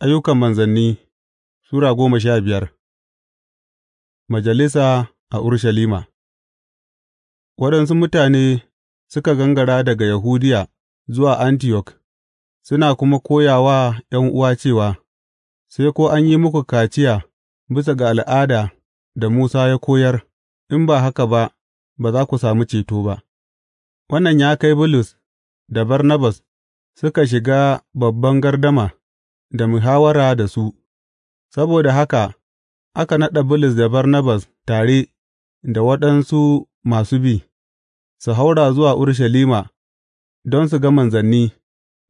Ayyukan Manzanni Sura goma sha biyar Majalisa a Urushalima Waɗansu mutane suka gangara daga Yahudiya zuwa Antiyok suna kuma koya wa uwa cewa, Sai ko an yi muku kaciya bisa ga al'ada da Musa ya koyar, in ba haka ba, ba za ku sami ceto ba. Wannan ya kai Bulus da Barnabas suka shiga babban gardama. da muhawara da su, saboda haka aka naɗa Bulus da Barnabas tare da waɗansu masu bi, su haura zuwa Urushalima don su ga manzanni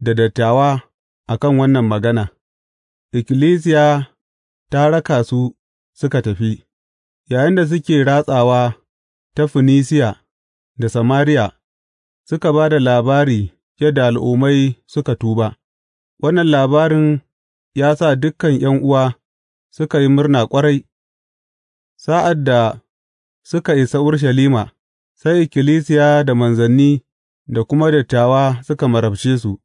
da dattawa a kan wannan magana. Ikkilisiya ta raka su suka tafi, da suke ratsawa ta Funisiya da Samariya, suka ba da labari yadda al'ummai suka tuba, wannan labarin ya sa dukan ’yan'uwa suka yi murna ƙwarai, sa'ad da suka isa Urshalima, sai ikkilisiya da manzanni da kuma dattawa suka marabce su,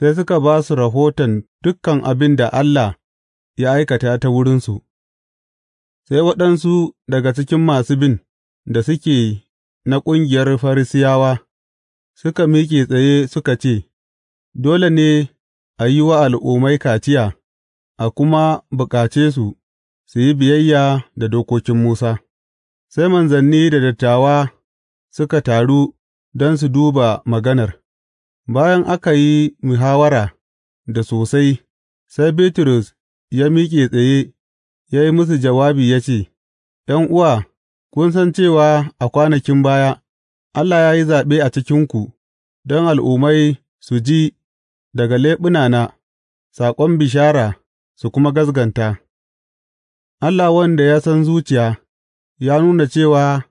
sai suka ba su rahoton dukan abin da Allah ya aikata ta wurinsu, sai waɗansu daga cikin masu bin da suke na ƙungiyar Farisiyawa suka miƙe tsaye suka ce, Dole ne a yi wa al'ummai kaciya. a kuma bukace su su yi biyayya da dokokin Musa. Sai manzanni da dattawa suka taru don su duba maganar, bayan aka yi muhawara da sosai, sai Bitrus ya miƙe tsaye ya yi musu jawabi ya ce, uwa, kun san cewa a kwanakin baya Allah ya yi zaɓe a cikinku don al'ummai su ji daga leɓunana saƙon bishara. su kuma gaskanta. Allah wanda ya san zuciya ya nuna cewa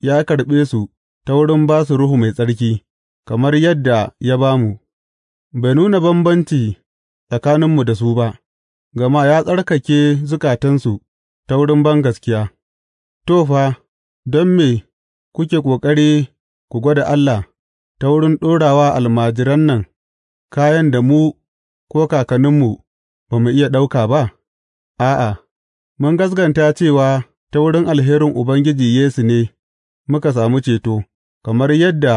ya karɓe su ta wurin ba su Ruhu Mai Tsarki, kamar yadda ya ba mu, bai nuna bambanci tsakaninmu da su ba, gama ya tsarkake zukatansu ta wurin bangaskiya. tofa don me kuke ƙoƙari ku gwada Allah ta wurin ɗora almajiran nan kayan da mu ko kakanninmu ba mu iya ɗauka ba? A'a, mun gaskanta cewa ta wurin alherin Ubangiji Yesu ne muka samu ceto, kamar yadda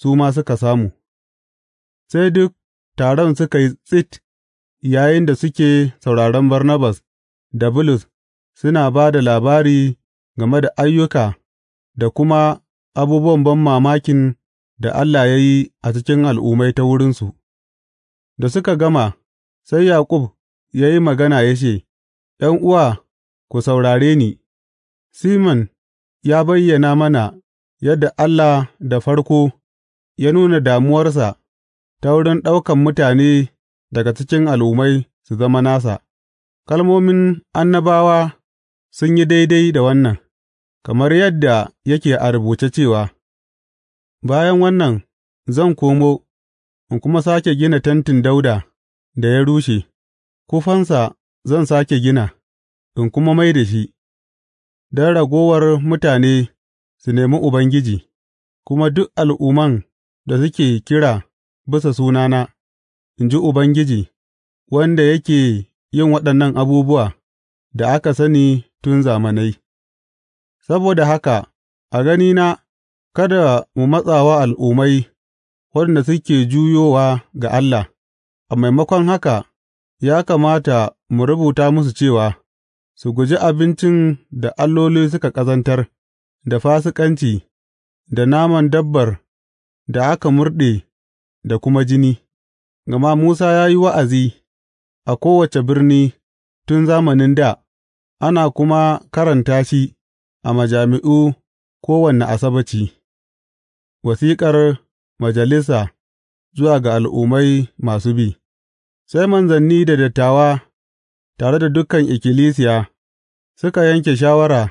su ma suka samu. Sai duk taron suka yi tsit yayin da suke sauraron Barnabas da Bulus suna ba da labari game da ayyuka da kuma abubuwan ban mamakin da Allah ya yi a cikin al'ummai ta wurinsu. Da suka gama, Sai Yaƙub ya yi magana ya ce, uwa ku saurare ni, Siman ya bayyana mana yadda Allah da farko ya nuna damuwarsa ta wurin ɗaukan mutane daga cikin al'ummai su zama nasa, kalmomin annabawa sun yi daidai da wannan, kamar yadda yake a rubuce cewa, Bayan wannan zan komo in kuma sāke gina tentin Dauda. da ya rushe, kufansa zan sake gina, in kuma mai da shi, don ragowar mutane su nemi Ubangiji, kuma duk al'umman da suke kira bisa sunana, in ji Ubangiji, wanda yake yin waɗannan abubuwa da aka sani tun zamanai. Saboda haka, a gani na, kada mu matsa wa al'ummai waɗanda suke juyowa ga Allah. a maimakon haka, ya kamata mu rubuta musu cewa, Su guji abincin da alloli suka ƙazantar, da fasikanci, da naman dabbar da aka murɗe da kuma jini, gama Musa ya yi wa'azi a kowace birni tun zamanin da ana kuma karanta shi a majami'u kowane asabaci Wasiƙar majalisa zuwa ga al'ummai masu bi. Sai manzanni da dattawa, tare da dukan ikkilisiya, suka yanke shawara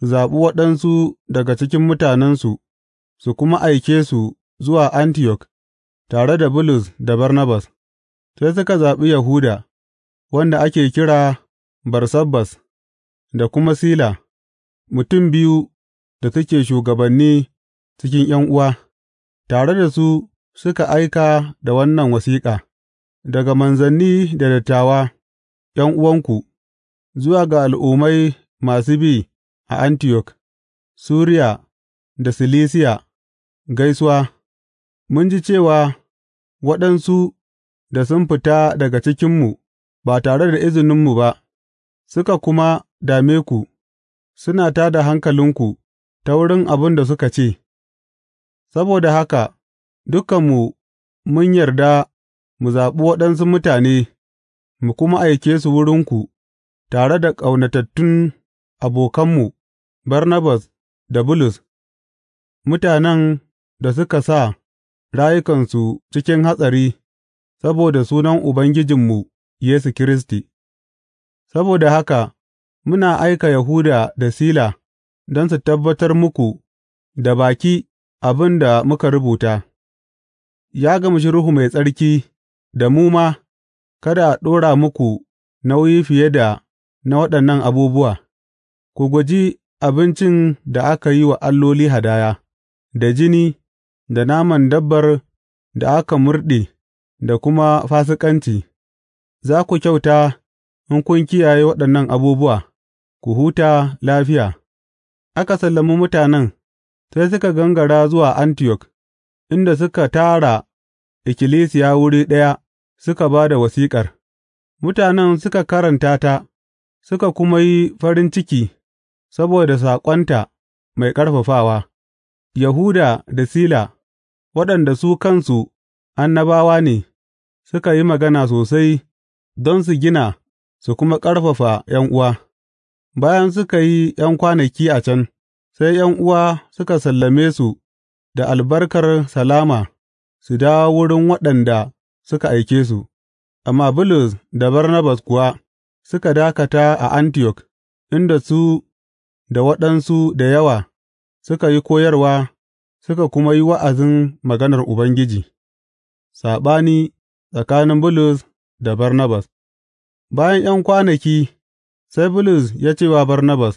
su zaɓi waɗansu daga cikin mutanensu su kuma aike su zuwa Antiyok tare da Bulus da Barnabas, sai suka zaɓi Yahuda, wanda ake kira Barsabbas, da kuma Sila, mutum biyu da suke shugabanni cikin uwa, tare da su suka aika da wannan wasiƙa. daga manzanni da dattawa, ’yan'uwanku, zuwa ga al'ummai masu bi a Antiyok, Suriya da Silisiya, gaisuwa, mun ji cewa waɗansu da sun fita daga cikinmu ba tare da izininmu ba, suka kuma dame ku, suna ta da hankalinku ta wurin abin da suka ce, saboda haka dukanmu mun yarda mu zaɓi waɗansu mutane mu kuma aike su wurinku tare da ƙaunatattun abokanmu Barnabas da Bulus, mutanen da suka sa rayukansu cikin hatsari saboda sunan Ubangijinmu Yesu Kiristi. Saboda haka, muna aika Yahuda da Sila don su tabbatar muku da baki abin da muka rubuta, ya gamshi Ruhu Mai Tsarki da mu ma, kada a ɗora muku nauyi fiye da na waɗannan abubuwa, ku guji abincin da aka yi wa alloli hadaya, da jini, da naman dabbar da aka murɗe, da kuma fasikanci, za ku kyauta in kun kiyaye waɗannan abubuwa, ku huta lafiya. Aka sallami mutanen, sai suka gangara zuwa Antiyok, inda suka tara ikkilisiya wuri ɗaya. suka ba da wasiƙar, mutanen suka karanta ta suka kuma yi farin ciki saboda saƙonta mai ƙarfafawa, Yahuda da Sila, waɗanda su kansu annabawa ne, suka yi magana sosai don su gina su kuma ƙarfafa uwa. Bayan suka yi ’yan kwanaki a can, sai uwa suka sallame su da albarkar salama su dawo wurin waɗanda suka aike su, amma Bulus da Barnabas kuwa suka dakata a Antiyok, inda su da waɗansu da yawa suka yi koyarwa suka kuma yi wa'azin maganar Ubangiji, saɓani tsakanin Bulus da Barnabas. Bayan ’yan kwanaki, sai Bulus ya ce wa Barnabas,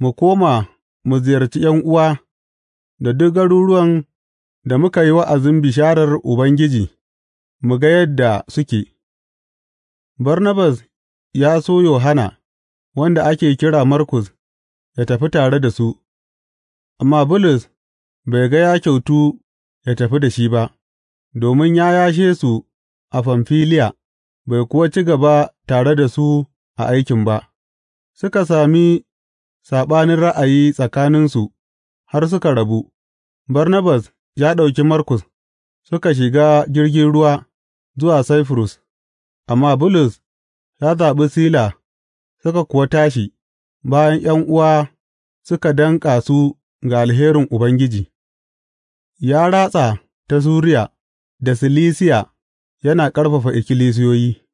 Mu koma mu ziyarci uwa, da duk garuruwan da muka yi wa'azin bisharar Ubangiji. mu ga yadda suke. Barnabas ya so Yohana wanda ake kira Markus, ya tafi tare da su, amma Bulus bai ga ya kyautu ya tafi da shi ba, domin ya yashe su a Famfiliya, bai kuwa ci gaba tare da su a aikin ba. Suka sami saɓanin ra'ayi tsakaninsu har suka rabu, Barnabas ya ɗauki Markus suka shiga jirgin ruwa zuwa Saifurus, amma Bulus ya zaɓi Sila suka kuwa tashi, bayan ’yan'uwa suka danƙa su ga alherin Ubangiji, ya ratsa ta Suriya da Silisiya yana ƙarfafa ikkilisiyoyi.